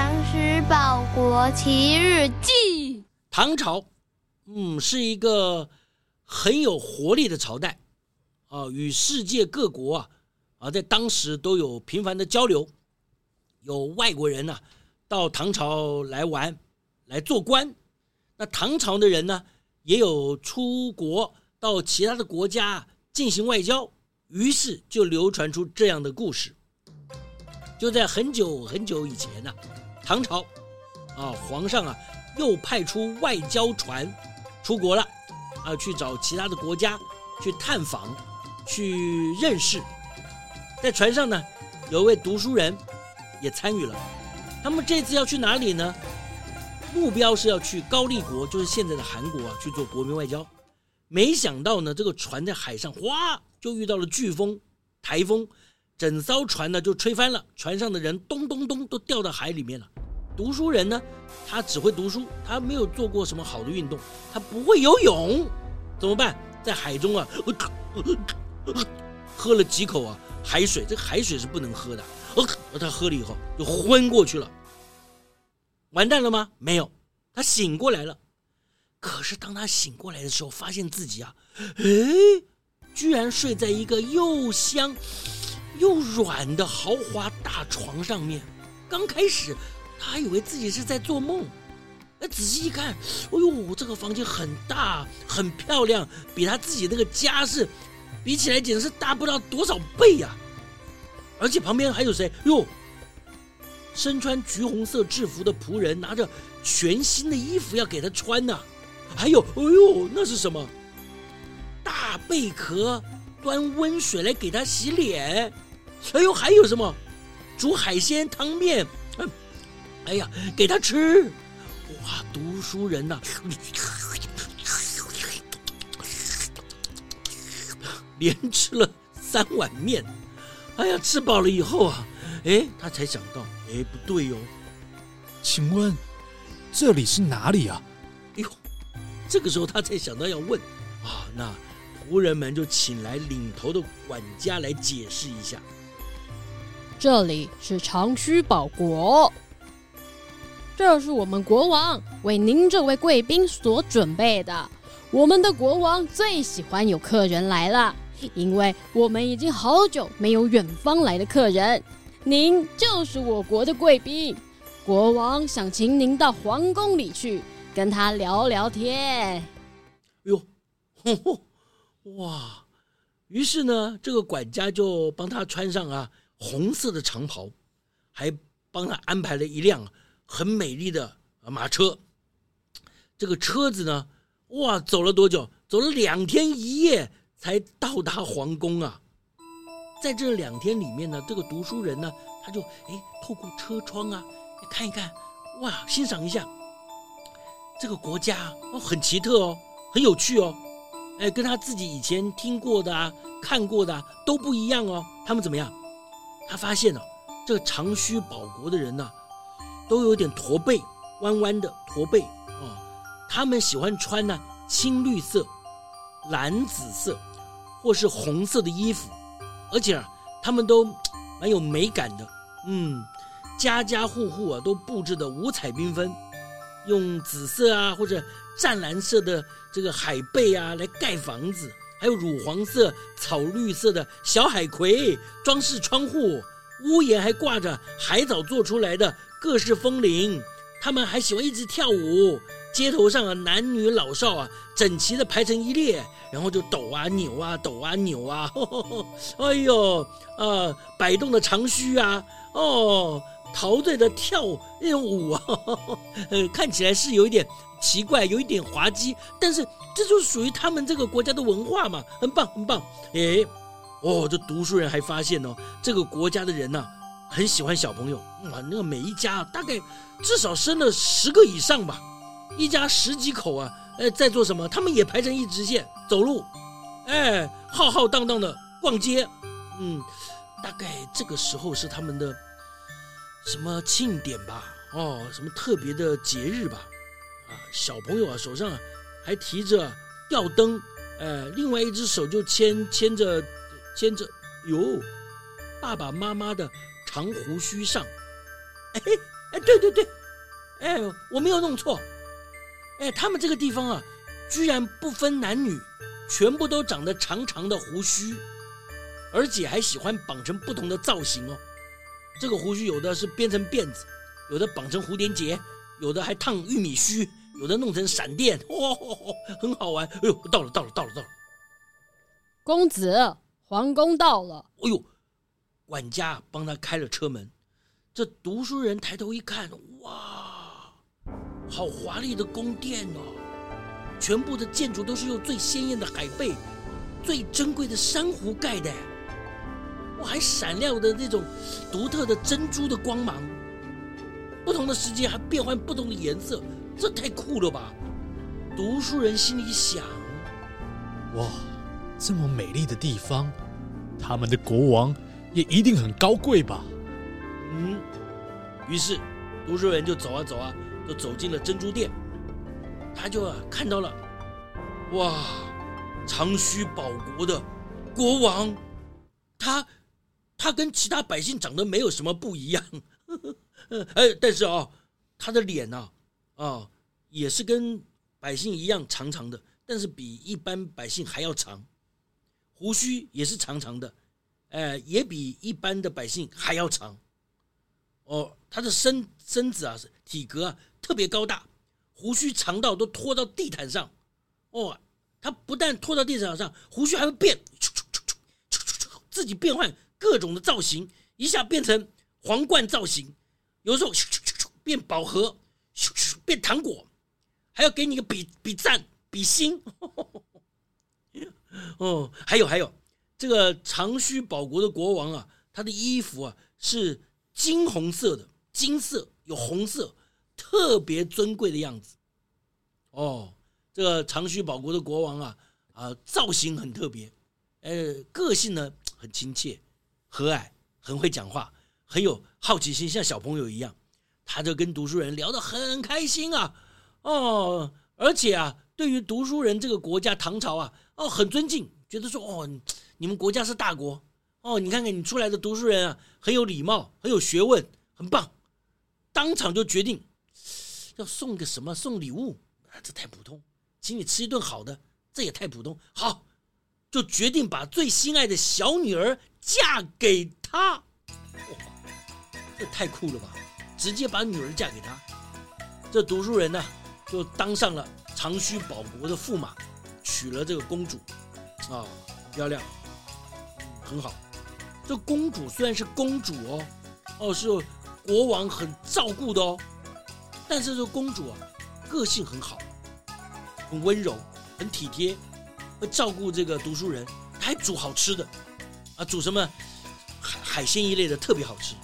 長鬚寶國奇遇記。唐朝，嗯，是一個很有活力的朝代，啊，與世界各國啊，啊，在當時都有頻繁的交流。有外國人呢、啊，到唐朝來玩，來做官。那唐朝的人呢，也有出國到其他的國家進行外交。於是就流傳出這樣的故事。就在很久很久以前呢、啊。唐朝，啊、哦，皇上啊，又派出外交船出國了，啊，去找其他的國家去探訪、去認識。在船上呢，有一位讀書人也參與了。他們這次要去哪裡呢？目標是要去高麗國，就是現在的韓國啊，去做國民外交。沒想到呢，這個船在海上嘩就遇到了颶風、颱風。整艘船呢就吹翻了，船上的人咚咚咚都掉到海裡面了。讀書人呢，他只會讀書，他沒有做過什麼好的運動，他不會游泳，怎麼辦？在海中啊，喝了幾口啊海水，這海水是不能喝的，啊。他喝了以後就昏過去了。完蛋了嗎？沒有，他醒過來了。可是當他醒過來的時候，發現自己啊，哎，居然睡在一個又香。又軟的豪華大床上面，剛開始他還以為自己是在做夢，哎，仔細一看，哦、哎、呦，這個房間很大很漂亮，比他自己那個家是比起來簡直是大不了多少倍呀、啊！而且旁邊還有誰？喲、哎，身穿橘紅色制服的僕人拿着全新的衣服要給他穿呢、啊，還有，哎呦，那是什麼？大貝殼端溫水來給他洗臉。哎呦，還有什麼？煮海鮮湯麵，哎呀，給他吃，哇，讀書人吶、啊，連吃了三碗麵，哎呀，吃飽了以後啊，哎，他才想到，哎，不對喲，請問這裡是哪裡啊？哎呦，這個時候他才想到要問啊，那僕人們就請來領頭的管家來解釋一下。這裡是長鬚寶國，這是我們國王為您這位貴賓所準備的。我們的國王最喜歡有客人來了，因為我們已經好久沒有遠方來的客人。您就是我國的貴賓，國王想請您到皇宮裡去跟他聊聊天。哎呦哼哼，哇！於是呢，這個管家就幫他穿上啊。紅色的長袍，還幫他安排了一輛很美麗的馬車。這個車子呢，哇，走了多久？走了兩天一夜才到達皇宮啊！在這兩天裡面呢，這個讀書人呢，他就哎，透過車窗啊，看一看，哇，欣賞一下這個國家啊，哦，很奇特哦，很有趣哦，哎，跟他自己以前聽過的啊、看過的啊、都不一樣哦。他們怎麼樣？他發現了，這個長鬚寶國的人呢、啊，都有點駝背，彎彎的駝背啊、嗯。他們喜歡穿呢、啊、青綠色、藍紫色或是紅色的衣服，而且啊，他們都蠻有美感的。嗯，家家戶戶啊都布置得五彩繽紛，用紫色啊或者湛藍色的這個海貝啊來蓋房子。還有乳黃色、草綠色的小海葵裝飾窗戶，屋檐還掛着海藻做出來的各式風鈴。他們還喜歡一直跳舞，街頭上的男女老少啊，整齊的排成一列，然後就抖啊扭啊抖啊扭啊呵呵呵，哎呦，呃，擺動的長鬚啊，哦。陶醉的跳那種舞啊，呃，看起來是有一點奇怪，有一點滑稽，但是這就是屬於他們這個國家的文化嘛，很棒很棒。誒、哎，哦，這讀書人還發現呢、哦，這個國家的人吶、啊，很喜歡小朋友哇，那個每一家大概至少生了十個以上吧，一家十幾口啊，呃、哎，在做什麼？他們也排成一直線走路，哎，浩浩蕩蕩的逛街，嗯，大概這個時候是他們的。什麼慶典吧？哦，什麼特別的節日吧？啊，小朋友啊，手上啊，還提着吊燈，呃，另外一只手就牽牽着，牽着，喲，爸爸媽媽的長鬍鬚上，嘿嘿，哎，對對對，哎，我沒有弄錯，哎，他們這個地方啊，居然不分男女，全部都長得長長的鬍鬚，而且還喜歡綁成不同的造型哦。這個胡鬚有的是編成辮子，有的綁成蝴蝶結，有的還燙玉米鬚，有的弄成閃電，哦，哦，哦，很好玩。哎呦，到了，到了，到了，到了！公子，皇宮到了。哎呦，管家幫他開了車門。這讀書人抬頭一看，哇，好華麗的宮殿哦！全部的建築都是用最鮮豔的海貝、最珍貴的珊瑚蓋的。還閃亮的那種獨特的珍珠的光芒，不同的時間還變換不同的顏色，這太酷了吧！讀書人心裡想：哇，這麼美麗的地方，他們的國王也一定很高貴吧？嗯。於是讀書人就走啊走啊，就走進了珍珠店。他就啊看到了，哇！長鬚寶國的國王，他。他跟其他百姓長得沒有什麼不一樣，呃，但是啊、哦，他的臉呢、啊，啊、哦，也是跟百姓一樣長長的，但是比一般百姓還要長，鬍鬚也是長長的，呃、哎，也比一般的百姓還要長。哦，他的身身子啊，體格啊，特別高大，鬍鬚長到都拖到地毯上。哦，他不但拖到地毯上，鬍鬚還會變，咻咻咻咻、咻咻咻，自己變換。各種的造型，一下變成皇冠造型，有時候咻咻咻變寶盒，變糖果，還要給你個比比讚比心。 哦，還有還有，這個長鬚寶國的國王啊，他的衣服啊是金紅色的，金色有紅色，特別尊貴的樣子。哦，這個長鬚寶國的國王啊啊，造型很特別，呃、欸，個性呢很親切，和藹，很會講話，很有好奇心，像小朋友一樣，他就跟讀書人聊得很開心啊，哦，而且啊，對於讀書人這個國家，唐朝啊，哦，很尊敬，覺得說哦你，你們國家是大國，哦，你看看你出來的讀書人啊，很有禮貌，很有學問，很棒，當場就決定要送個什麼，送禮物，啊，這太普通，請你吃一頓好的，這也太普通，好。就決定把最心愛的小女兒嫁給他，哇，這太酷了吧！直接把女兒嫁給他，這讀書人呢，就當上了長鬚寶國的駙馬，娶了這個公主，啊，漂亮，很好。這公主雖然是公主哦，哦是國王很照顧的哦，但是這個公主啊，個性很好，很溫柔，很體貼。會照顧這個讀書人，他還煮好吃的，啊，煮什麼海海鮮一類的特別好吃，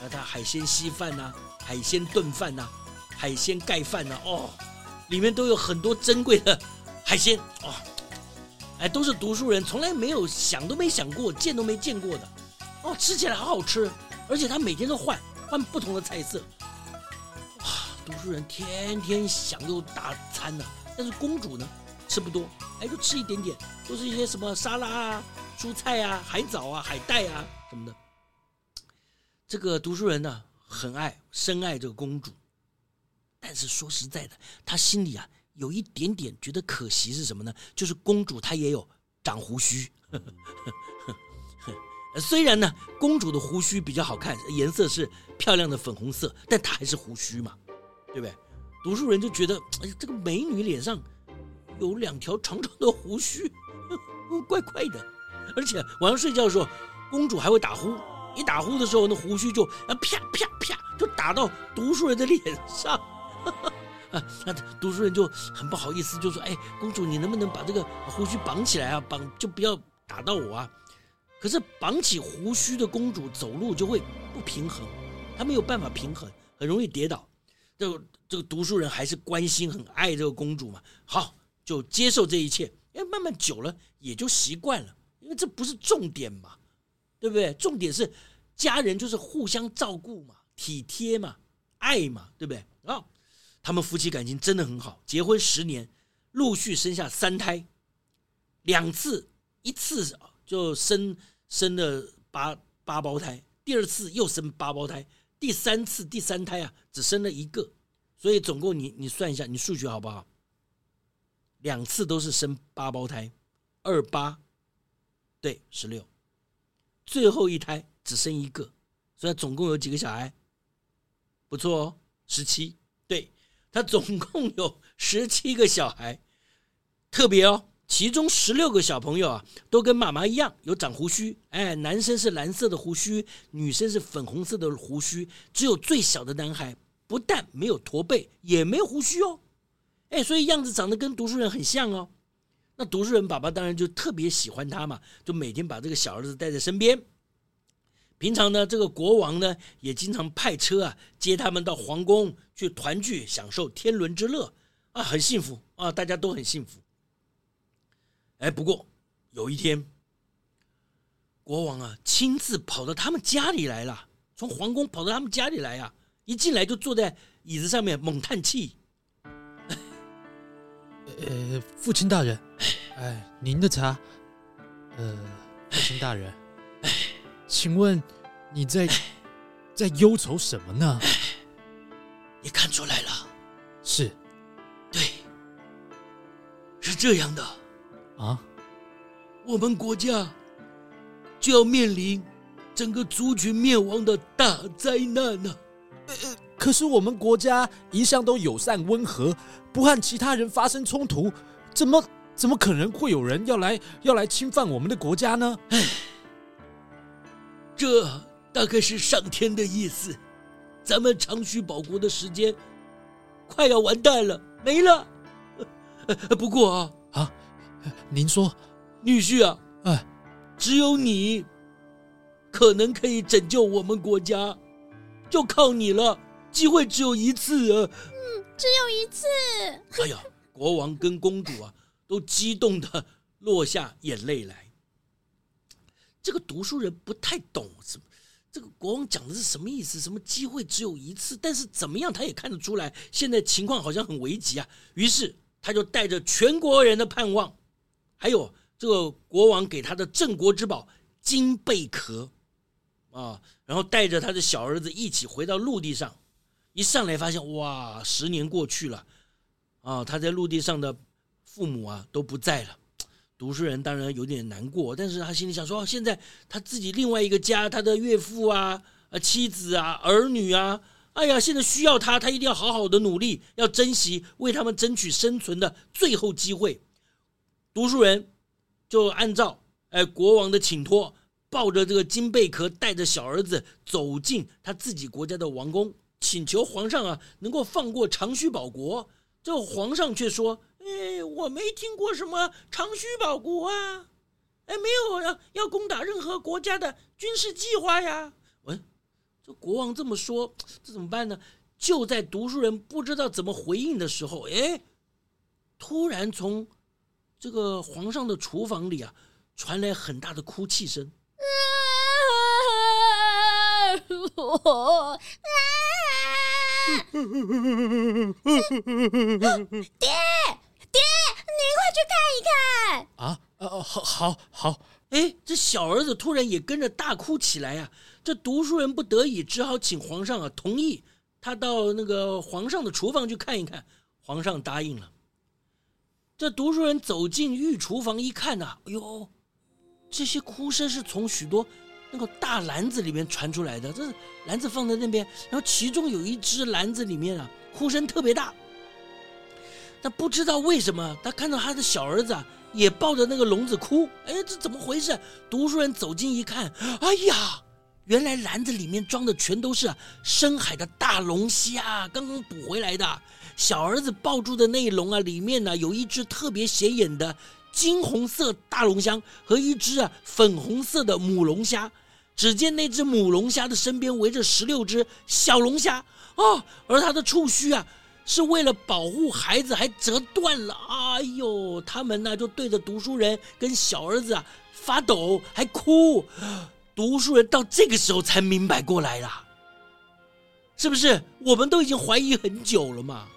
啊，他海鮮稀飯吶、啊，海鮮燉飯吶、啊，海鮮蓋飯吶、啊，哦，裡面都有很多珍貴的海鮮哦，哎，都是讀書人從來沒有想都沒想過、見都沒見過的，哦，吃起來好好吃，而且他每天都換換不同的菜色，哇，讀書人天天享用大餐呢、啊，但是公主呢？吃不多，哎，就吃一點點，都是一些什麼沙拉啊、蔬菜啊、海藻啊、海帶啊什麼的。這個讀書人呢，很愛，深愛這個公主，但是說實在的，他心裡啊有一點點覺得可惜是什麼呢？就是公主她也有長胡鬚， 雖然呢，公主的胡鬚比較好看，顏色是漂亮的粉紅色，但她還是胡鬚嘛，對不對？讀書人就覺得，哎呀，這個美女臉上。有兩條長長的鬍鬚，呵呵嗯、怪怪的，而且晚上睡覺的時候，公主還會打呼。一打呼的時候，那鬍鬚就啊啪啪啪就打到讀書人的臉上，那、啊、讀書人就很不好意思，就說：“哎，公主，你能不能把這個鬍鬚綁起來啊？綁就不要打到我啊。”可是綁起鬍鬚的公主走路就會不平衡，她沒有辦法平衡，很容易跌倒。這個、這個讀書人還是關心、很愛這個公主嘛。好。就接受這一切，因為慢慢久了也就習慣了，因為這不是重點嘛，對不對？重點是家人就是互相照顧嘛，體貼嘛，愛嘛，對不對啊？他們夫妻感情真的很好，結婚十年，陸續生下三胎，兩次一次就生生了八八胞胎，第二次又生八胞胎，第三次第三胎啊只生了一個，所以總共你你算一下，你數學好不好？兩次都是生八胞胎，二八，對，十六，最後一胎只生一個，所以總共有幾個小孩？不錯哦，十七，對，他總共有十七個小孩，特別哦，其中十六個小朋友啊，都跟媽媽一樣有長鬍鬚，哎，男生是藍色的鬍鬚，女生是粉紅色的鬍鬚，只有最小的男孩不但沒有駝背，也沒有鬍鬚哦。哎，所以樣子長得跟讀書人很像哦。那讀書人爸爸當然就特別喜歡他嘛，就每天把這個小兒子帶在身邊。平常呢，這個國王呢也經常派車啊接他們到皇宮去團聚，享受天倫之樂啊，很幸福啊，大家都很幸福。哎，不過有一天，國王啊親自跑到他們家裡來了，從皇宮跑到他們家裡來呀啊，一進來就坐在椅子上面猛嘆氣。呃，父親大人，哎，您的茶，呃，父親大人，請問你在在憂愁什麼呢？你看出來了，是，對，是這樣的啊，我們國家就要面臨整個族群滅亡的大災難了啊。呃可是我們國家一向都友善溫和，不和其他人發生衝突，怎麼怎麼可能會有人要來要來侵犯我們的國家呢？唉，這大概是上天的意思。咱們長鬚寶國的時間快要完蛋了，沒了。不過啊啊，您說女婿啊啊，唉只有你可能可以拯救我們國家，就靠你了。機會只有一次，啊，嗯，只有一次。哎呀，國王跟公主啊，都激動的落下眼淚來。這個讀書人不太懂，這這個國王講的是什麼意思？什麼機會只有一次？但是怎麼樣，他也看得出來，現在情況好像很危急啊。於是他就帶着全國人的盼望，還有這個國王給他的鎮國之寶金貝殼，啊，然後帶着他的小兒子一起回到陸地上。一上來發現哇，十年過去了，啊、哦，他在陸地上的父母啊都不在了。讀書人當然有點難過，但是他心裡想說、哦：現在他自己另外一個家，他的岳父，啊、妻子啊、兒女啊，哎呀，現在需要他，他一定要好好的努力，要珍惜為他們爭取生存的最後機會。讀書人就按照哎國王的請托，抱着這個金貝殼，帶着小兒子走進他自己國家的王宮。請求皇上啊，能夠放過長鬚寶國。這皇上卻說：“哎，我沒聽過什麼長鬚寶國啊，哎，沒有要要攻打任何國家的軍事計劃呀。”喂、哎，這國王這麼說，這怎麼辦呢？就在讀書人不知道怎麼回應的時候，哎，突然從這個皇上的廚房裡啊，傳來很大的哭泣聲。啊 爹爹，爹，你快去看一看！啊哦、啊，好好好！哎，這小兒子突然也跟着大哭起來呀、啊！這讀書人不得已，只好請皇上啊同意他到那個皇上的廚房去看一看。皇上答應了。這讀書人走進御廚房一看吶、啊，哎呦，這些哭聲是從許多。那個大籃子裡面傳出來的，這是籃子放在那邊，然後其中有一隻籃子裡面啊，哭聲特別大。他不知道為什麼，他看到他的小兒子、啊、也抱着那個籠子哭。哎，這怎麼回事？讀書人走近一看，哎呀，原來籃子裡面裝的全都是深海的大龍蝦，剛剛捕回來的。小兒子抱住的那一籠啊，裡面呢、啊、有一隻特別顯眼的金紅色大龍蝦和一隻啊粉紅色的母龍蝦。只見那只母龍蝦的身邊圍着十六只小龍蝦啊、哦，而它的觸鬚啊，是為了保護孩子還折斷了。哎呦，他們呢、啊、就對着讀書人跟小兒子啊發抖，還哭。讀書人到這個時候才明白過來啦。是不是？我們都已經懷疑很久了嘛。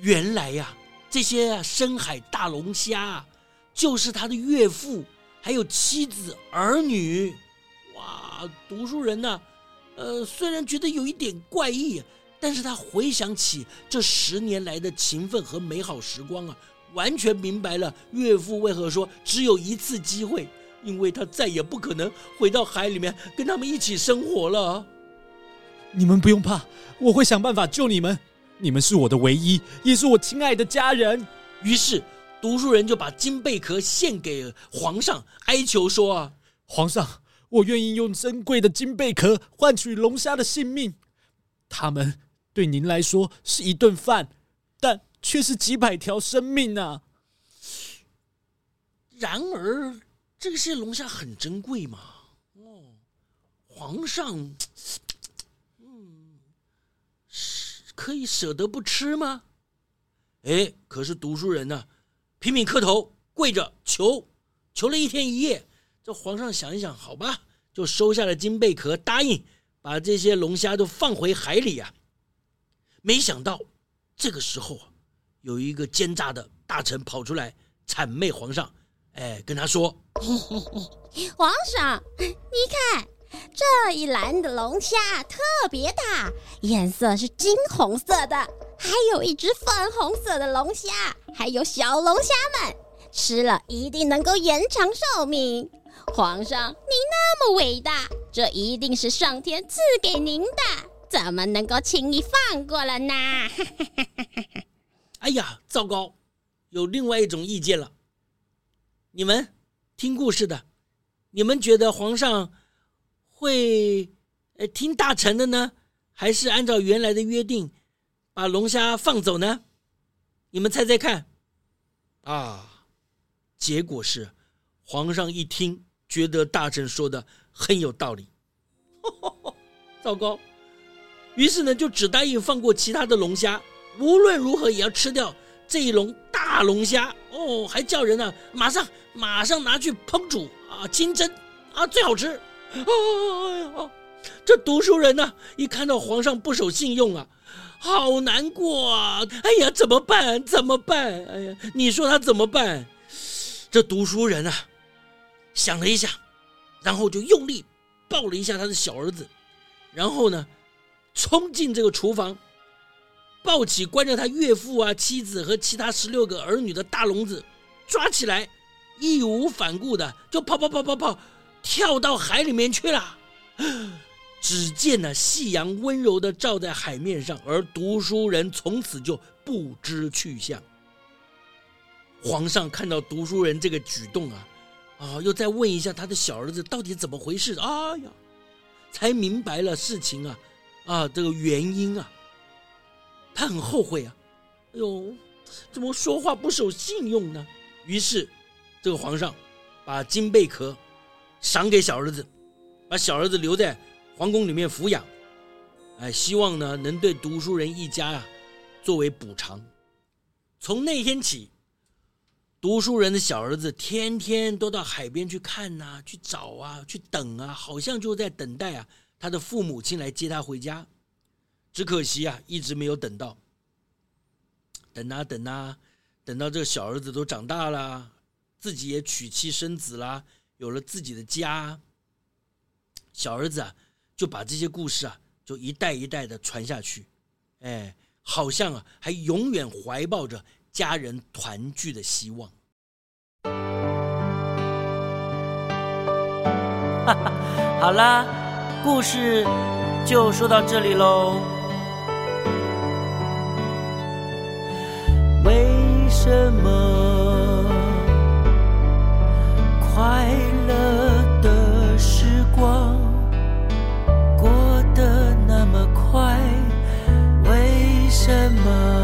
原來呀、啊，這些深海大龍蝦，就是他的岳父，還有妻子兒女。啊，讀書人呢、啊？呃，雖然覺得有一點怪異，但是他回想起這十年來的情分和美好時光啊，完全明白了岳父為何說只有一次機會，因為他再也不可能回到海裡面跟他們一起生活了。你們不用怕，我會想辦法救你們。你們是我的唯一，也是我親愛的家人。於是，讀書人就把金貝殼獻給皇上，哀求說：“啊，皇上。”我願意用珍貴的金貝殼換取龍蝦的性命。他們對您來說是一頓飯，但卻是幾百條生命啊！然而，這些龍蝦很珍貴嘛？哦，皇上，嗯，可以捨得不吃嗎？哎，可是讀書人呢、啊，拼命磕頭跪着求求了一天一夜。這皇上想一想，好吧，就收下了金貝殼，答應把這些龍蝦都放回海裡呀、啊。沒想到這個時候，有一個奸詐的大臣跑出來諂媚皇上，哎，跟他說：“嘿嘿嘿，皇上，你看這一籃的龍蝦特別大，顏色是金紅色的，還有一隻粉紅色的龍蝦，還有小龍蝦們，吃了一定能夠延長壽命。”皇上，您那麼偉大，這一定是上天賜給您的，怎麼能夠輕易放過了呢？ 哎呀，糟糕，有另外一種意見了。你們聽故事的，你們覺得皇上會聽大臣的呢？還是按照原來的約定把龍蝦放走呢？你們猜猜看。啊，結果是皇上一聽。覺得大臣說的很有道理，哦，糟糕！於是呢，就只答應放過其他的龍蝦，無論如何也要吃掉這一籠大龍蝦哦，還叫人呢，啊，馬上馬上拿去烹煮啊，清蒸啊，最好吃！哦，哎呀，這讀書人呢，啊，一看到皇上不守信用啊，好難過啊！哎呀，怎麼辦？怎麼辦？哎呀，你說他怎麼辦？這讀書人啊。想了一下，然後就用力抱了一下他的小兒子，然後呢，衝進這個廚房，抱起關着他岳父啊、妻子和其他十六個兒女的大籠子，抓起來，義無反顧的就跑跑跑跑跑，跳到海裡面去了。只見那、啊、夕陽溫柔的照在海面上，而讀書人從此就不知去向。皇上看到讀書人這個舉動啊。啊、哦，又再問一下他的小兒子到底怎麼回事？啊、哎、呀，才明白了事情啊，啊，這個原因啊，他很後悔啊，哎呦，怎麼說話不守信用呢？於是，這個皇上把金貝殼賞給小兒子，把小兒子留在皇宮裡面撫養，哎，希望呢能對讀書人一家呀、啊、作為補償。從那天起。讀書人的小兒子天天都到海邊去看吶，去找啊，去等啊，好像就在等待啊，他的父母親來接他回家。只可惜啊，一直沒有等到。等啊等啊，等到這個小兒子都長大了，自己也娶妻生子啦，有了自己的家。小兒子啊，就把這些故事啊，就一代一代的傳下去。哎，好像啊，還永遠懷抱着。家人團聚的希望。哈哈，好啦，故事就說到這裡嘍。為什麼快樂的時光過得那麼快？為什麼？